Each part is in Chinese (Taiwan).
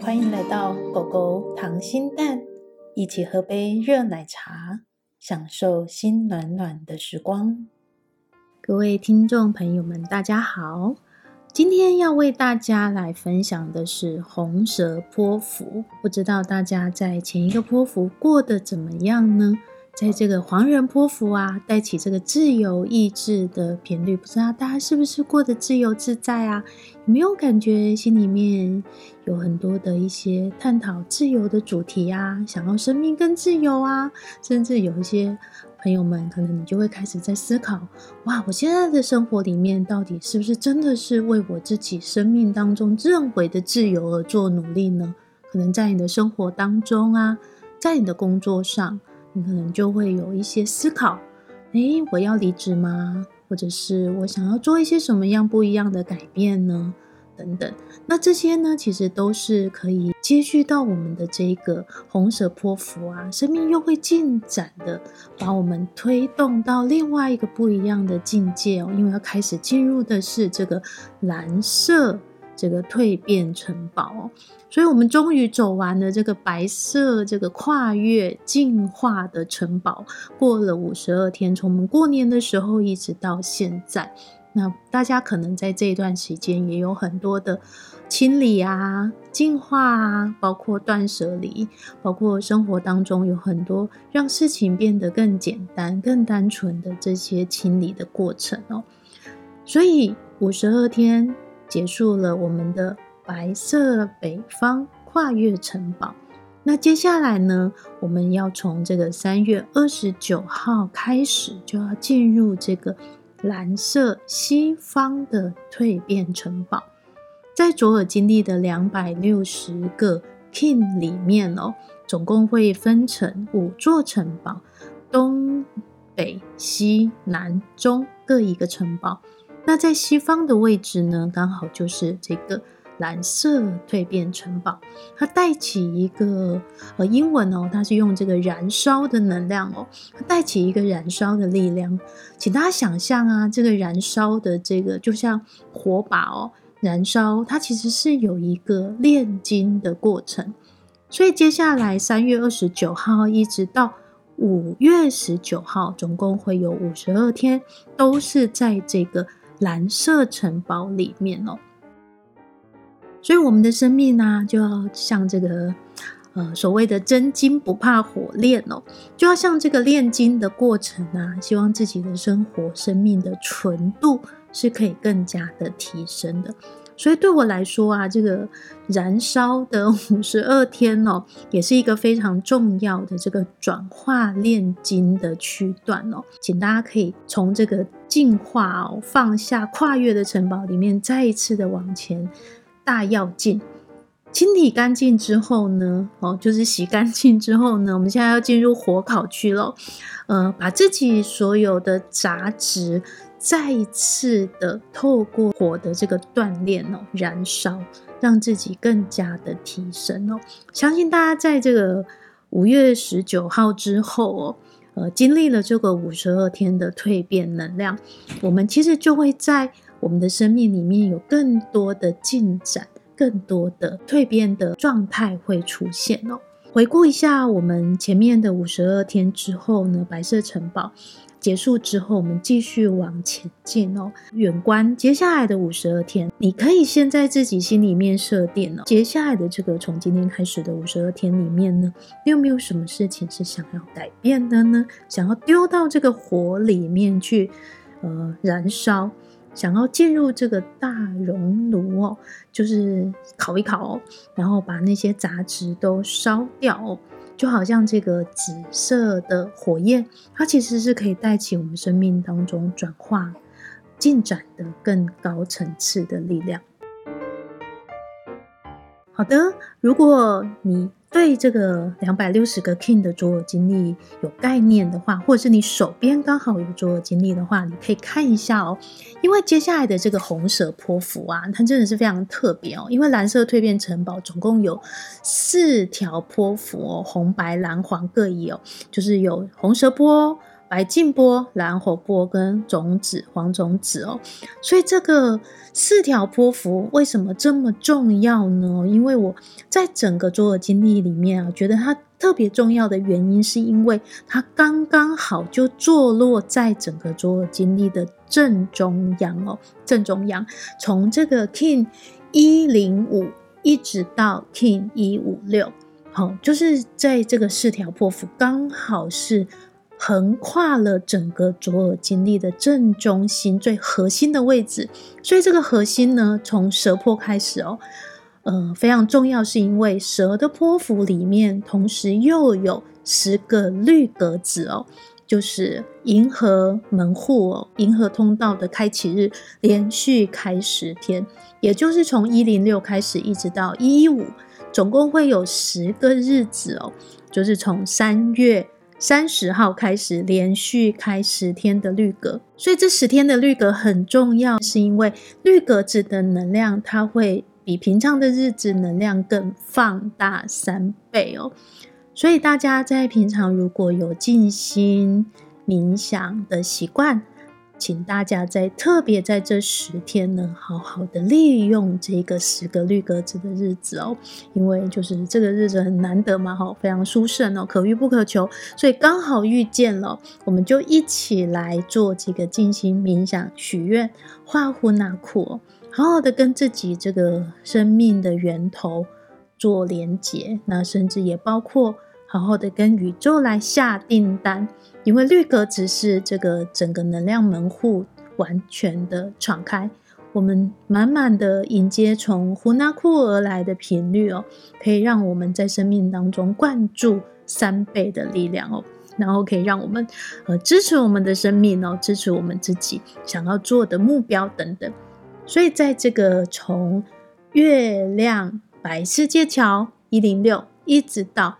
歡迎來到狗狗溏心蛋，一起喝杯熱奶茶，享受心暖暖的時光。各位聽眾朋友們，大家好。今天要為大家來分享的是紅蛇波符。不知道大家在前一個波符過得怎麼樣呢？在這個黃人波符啊，帶起這個自由意志的頻率，不知道大家是不是過得自由自在啊？有沒有感覺心裡面有很多的一些探討自由的主題啊？想要生命更自由啊，甚至有一些。朋友們，可能你就會開始在思考：哇，我現在的生活裡面，到底是不是真的是為我自己生命當中認為的自由而做努力呢？可能在你的生活當中啊，在你的工作上，你可能就會有一些思考：哎、欸，我要離職嗎？或者是我想要做一些什麼樣不一樣的改變呢？等等，那這些呢，其實都是可以接續到我們的這個紅色波符啊，生命又會進展的，把我們推動到另外一個不一樣的境界哦。因為要開始進入的是這個藍色這個蛻變城堡，所以我們終於走完了這個白色這個跨越進化的城堡，過了五十二天，從我們過年的時候一直到現在。那大家可能在這一段時間也有很多的清理啊、淨化啊，包括斷捨離，包括生活當中有很多讓事情變得更簡單、更單純的這些清理的過程哦、喔。所以五十二天結束了我們的白色北方跨越城堡，那接下來呢，我們要從這個三月二十九號開始就要進入這個。藍色西方的蛻變城堡，在卓爾金曆的兩百六十個 Kin 裡面哦，總共會分成五座城堡，東北西南中各一個城堡。那在西方的位置呢，剛好就是這個。藍色蛻變城堡，它帶起一個呃英文哦，它是用這個燃燒的能量哦，它帶起一個燃燒的力量，請大家想象啊，這個燃燒的這個就像火把哦，燃燒它其實是有一個煉金的過程，所以接下來三月二十九號一直到五月十九號，總共會有五十二天，都是在這個藍色城堡裡面哦。所以我們的生命呢，啊，就要像這個，呃，所謂的真金不怕火煉哦，就要像這個煉金的過程啊，希望自己的生活生命的純度是可以更加的提升的。所以對我來說啊，這個燃燒的五十二天哦，也是一個非常重要的這個轉化煉金的區段哦，請大家可以從這個淨化，哦，放下，跨越的城堡裡面再一次的往前。大藥淨，清理乾淨之後呢，哦，就是洗乾淨之後呢，我們現在要進入火烤區囉，呃，把自己所有的雜質再一次的透過火的這個鍛煉哦，燃燒，讓自己更加的提升哦、喔。相信大家在這個五月十九號之後哦、喔，呃，經歷了這個五十二天的蛻變能量，我們其實就會在。我們的生命裡面有更多的進展，更多的蛻變的狀態會出現哦。回顧一下我們前面的五十二天之後呢，白色城堡結束之後，我們繼續往前進哦。遠觀接下來的五十二天，你可以先在自己心裡面設定哦。接下來的這個從今天開始的五十二天裡面呢，你有沒有什麼事情是想要改變的呢？想要丟到這個火裡面去，呃，燃燒。想要進入這個大熔爐哦，就是烤一烤，然後把那些雜質都燒掉。就好像這個紫色的火焰，它其實是可以帶起我們生命當中轉化進展的更高層次的力量。好的，如果你。對這個兩百六十個 Kin 的卓爾金曆有概念的話，或者是你手邊剛好有卓爾金曆的話，你可以看一下哦。因為接下來的這個紅蛇波符啊，它真的是非常特別哦。因為藍色蛻變城堡總共有四條波符哦，紅、白、藍、黃各一哦，就是有紅蛇波、白鏡波、藍猴波跟種子、黃種子哦，所以這個四條波符為什麼這麼重要呢？因為我在整個卓爾金曆裡面啊，覺得它特別重要的原因，是因為它剛剛好就坐落在整個卓爾金曆的正中央哦，正中央從這個 Kin 一零五一直到 Kin 一五六，好，就是在這個四條波符剛好是。橫跨了整個卓爾金曆的正中心，最核心的位置，所以這個核心呢，從蛇波開始哦，呃，非常重要，是因為蛇的波符裡面，同時又有十個綠格子哦，就是銀河門戶哦，銀河通道的開啟日，連續開十天，也就是從一零六開始一直到一一五，總共會有十個日子哦，就是從三月。三十號開始連續開十天的綠格，所以這十天的綠格很重要，是因為綠格子的能量它會比平常的日子能量更放大三倍哦。所以大家在平常如果有靜心冥想的習慣。請大家在特別在這十天呢，好好的利用這個十個綠格子的日子哦，因為就是這個日子很難得嘛，非常殊勝哦，可遇不可求，所以剛好遇見了，我們就一起來做這個進行冥想、許願、畫呼納庫，好好的跟自己這個生命的源頭做連結，那甚至也包括好好的跟宇宙來下訂單。因為綠格子是這個整個能量門戶完全的敞開，我們滿滿的迎接從呼納庫而來的頻率哦，可以讓我們在生命當中灌注三倍的力量哦，然後可以讓我們呃支持我們的生命哦，支持我們自己想要做的目標等等。所以在這個從月亮白世界橋一零六一直到，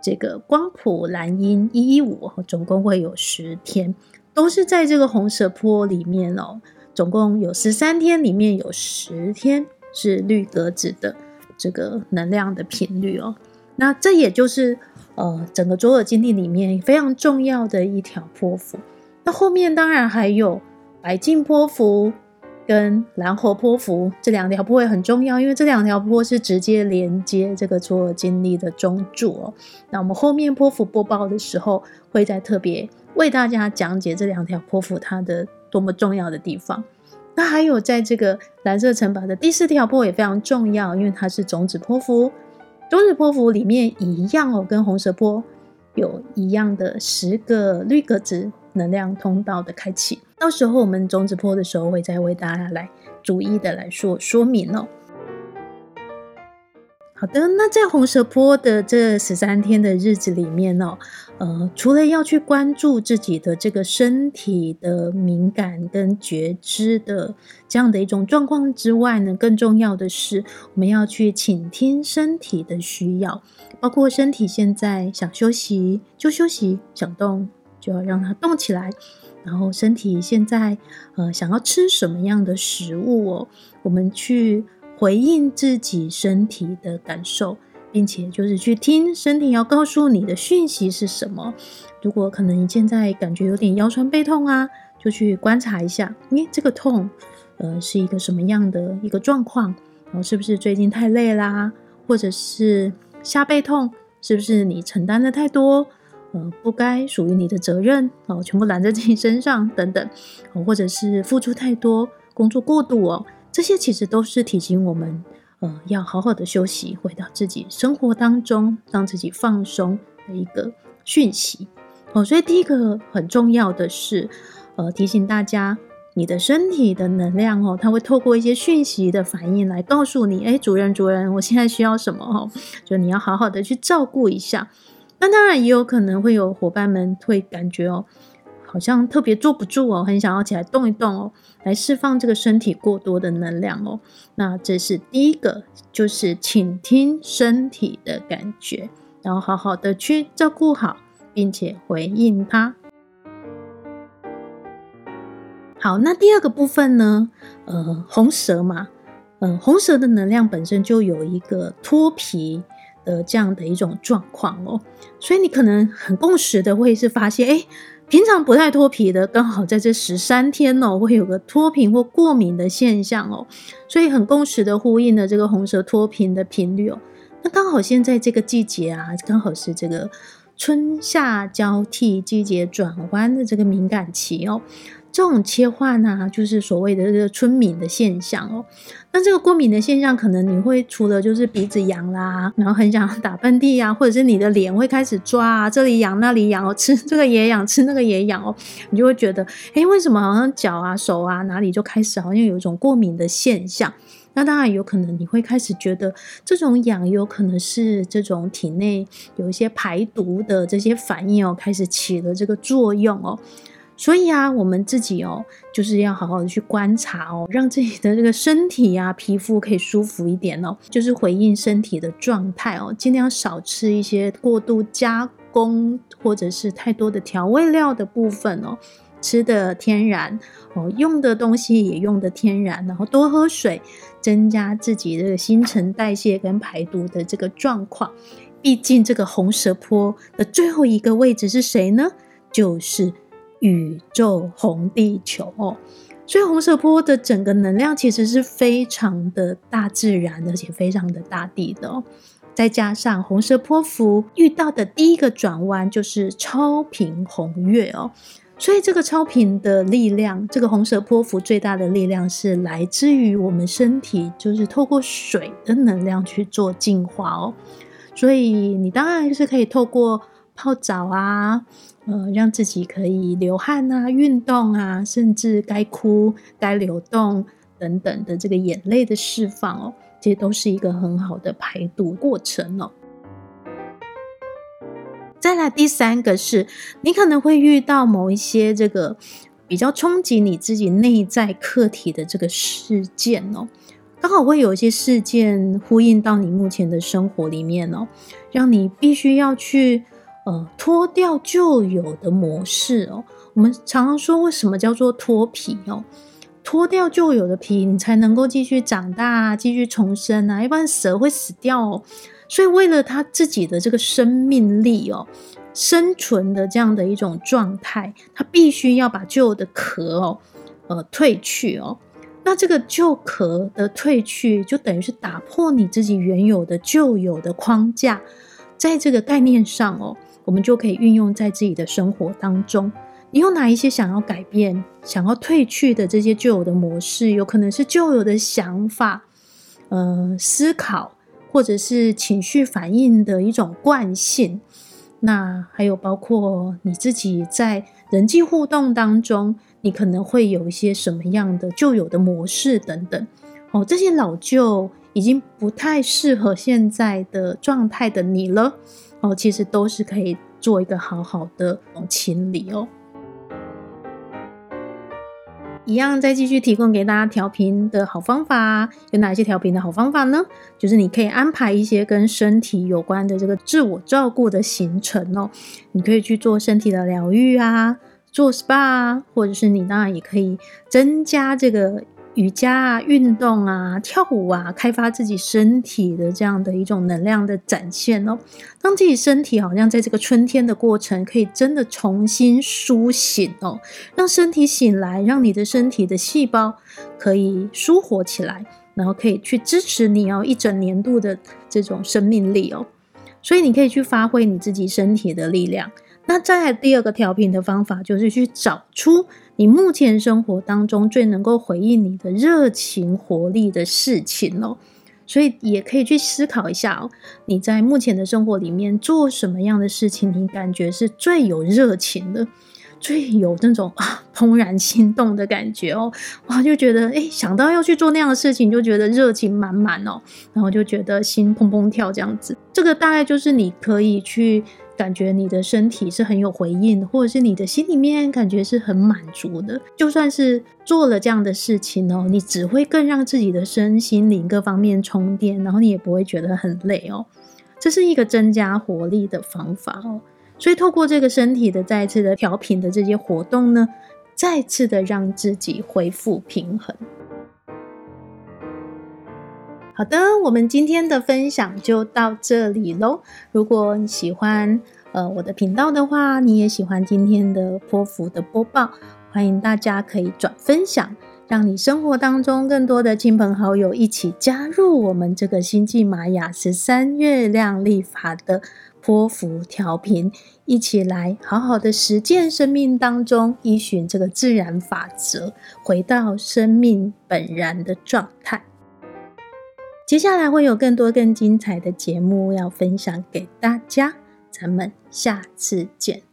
這個光譜藍鷹一一五，總共會有十天，都是在這個紅蛇波裡面哦。總共有十三天，裡面有十天是綠格子的這個能量的頻率哦。那這也就是呃整個卓爾金曆裡面非常重要的一條波符。那後面當然還有白鏡波符。跟藍火潑符這兩條不也很重要，因為這兩條剖是直接連接這個坐金歷的中柱、哦。那我們後面波幅播報的時候，會在特別為大家講解這兩條潑幅它的多麼重要的地方。那還有在這個藍色城堡的第四條剖也非常重要，因為它是種子剖幅，種子剖幅裡面一樣哦，跟紅色剖有一樣的十個綠格子能量通道的開啟。到時候我們種子波的時候，會再為大家來逐一的來說說明哦。好的，那在紅蛇波的這十三天的日子裡面哦，呃，除了要去關注自己的這個身體的敏感跟覺知的這樣的一種狀況之外呢，更重要的是我們要去傾聽身體的需要，包括身體現在想休息就休息，想動就要讓它動起來。然後身體現在，呃，想要吃什麼樣的食物哦？我們去回應自己身體的感受，並且就是去聽身體要告訴你的訊息是什麼。如果可能，你現在感覺有點腰酸背痛啊，就去觀察一下，誒，這個痛，呃，是一個什麼樣的一個狀況？然後是不是最近太累啦？或者是下背痛？是不是你承擔的太多？呃，不該屬於你的責任哦，全部攬在自己身上等等，或者是付出太多，工作過度哦，這些其實都是提醒我們，呃，要好好的休息，回到自己生活當中，讓自己放鬆的一個訊息。哦，所以第一個很重要的是，呃，提醒大家，你的身體的能量哦，它會透過一些訊息的反應來告訴你，哎，主人，主人，我現在需要什麼哦？就你要好好的去照顧一下。那當然也有可能會有夥伴們會感覺哦，好像特別坐不住哦，很想要起來動一動哦，來釋放這個身體過多的能量哦。那這是第一個，就是傾聽身體的感覺，然後好好的去照顧好，並且回應它。好，那第二個部分呢？呃，紅蛇嘛，嗯，呃，紅蛇的能量本身就有一個脫皮，呃，這樣的一種狀況哦，所以你可能很共時的會是發現，誒，平常不太脫皮的，剛好在這十三天哦，會有個脫皮或過敏的現象哦，所以很共時的呼應了這個紅蛇脫皮的頻率哦，那剛好現在這個季節啊，剛好是這個春夏交替季節轉彎的這個敏感期哦。這種切換呢、啊，就是所謂的這個春敏的現象哦、喔。那這個過敏的現象，可能你會除了就是鼻子癢啦，然後很想打噴嚏呀，或者是你的臉會開始抓，啊。這裡癢那裡癢，吃這個也癢，吃那個也癢哦。你就會覺得，哎、欸，為什麼好像腳啊、手啊哪裡就開始好像有一種過敏的現象？那當然有可能你會開始覺得，這種癢有可能是這種體內有一些排毒的這些反應哦、喔，開始起了這個作用哦、喔。所以啊，我們自己哦，就是要好好的去觀察哦，讓自己的這個身體呀、啊、皮膚可以舒服一點哦，就是回應身體的狀態哦，盡量少吃一些過度加工或者是太多的調味料的部分哦，吃得天然哦，用的東西也用得天然，然後多喝水，增加自己的新陳代謝跟排毒的這個狀況。畢竟這個紅蛇波的最後一個位置是誰呢？就是。宇宙紅地球哦，所以紅色波的整個能量其實是非常的大自然，而且非常的大地的哦。再加上紅色波符遇到的第一個轉彎就是超頻紅月哦，所以這個超頻的力量，這個紅色波符最大的力量是來自於我們身體，就是透過水的能量去做淨化哦。所以你當然是可以透過泡澡啊。呃，讓自己可以流汗啊，運動啊，甚至該哭、該流動等等的這個眼淚的釋放哦、喔，這都是一個很好的排毒過程哦、喔。 再來第三個是，你可能會遇到某一些這個比較衝擊你自己內在課題的這個事件哦、喔，剛好會有一些事件呼應到你目前的生活裡面哦、喔，讓你必須要去。呃，脫掉舊有的模式哦，我們常常說，為什麼叫做脫皮哦？脫掉舊有的皮，你才能夠繼續長大啊，繼續重生啊。一般蛇會死掉哦，所以為了它自己的這個生命力哦，生存的這樣的一種狀態，它必須要把舊的殼哦，呃，褪去哦。那這個舊殼的褪去，就等於是打破你自己原有的舊有的框架，在這個概念上哦。我們就可以運用在自己的生活當中。你有哪一些想要改變、想要褪去的這些舊有的模式？有可能是舊有的想法、呃，思考，或者是情緒反應的一種慣性。那還有包括你自己在人際互動當中，你可能會有一些什麼樣的舊有的模式等等。哦，這些老舊已經不太適合現在的狀態的你了。哦，其實都是可以做一個好好的清理哦。一樣，再繼續提供給大家調頻的好方法啊。有哪些調頻的好方法呢？就是你可以安排一些跟身體有關的這個自我照顧的行程哦。你可以去做身體的療癒啊，做 SPA 啊，或者是你當然也可以增加這個。瑜伽啊，運動啊，跳舞啊，開發自己身體的這樣的一種能量的展現哦，讓自己身體好像在這個春天的過程，可以真的重新甦醒哦，讓身體醒來，讓你的身體的細胞可以舒活起來，然後可以去支持你哦一整年度的這種生命力哦，所以你可以去發揮你自己身體的力量。那再來第二個調頻的方法，就是去找出。你目前生活當中最能夠回應你的熱情活力的事情哦、喔，所以也可以去思考一下、喔，你在目前的生活裡面做什麼樣的事情，你感覺是最有熱情的，最有這種啊怦然心動的感覺哦、喔，哇，就覺得哎、欸、想到要去做那樣的事情，就覺得熱情滿滿哦，然後就覺得心怦怦跳這樣子，這個大概就是你可以去。感覺你的身體是很有回應，或者是你的心裡面感覺是很滿足的。就算是做了這樣的事情哦，你只會更讓自己的身心靈各方面充電，然後你也不會覺得很累哦。這是一個增加活力的方法哦。所以透過這個身體的再次的調頻的這些活動呢，再次的讓自己恢復平衡。好的，我們今天的分享就到這裡嘍。如果你喜歡呃我的頻道的話，你也喜歡今天的波符的播報，歡迎大家可以轉分享，讓你生活當中更多的親朋好友一起加入我們這個星際瑪雅十三月亮曆法的波符調頻，一起來好好的實踐生命當中依循這個自然法則，回到生命本然的狀態。接下來會有更多更精彩的節目要分享給大家，咱們下次見。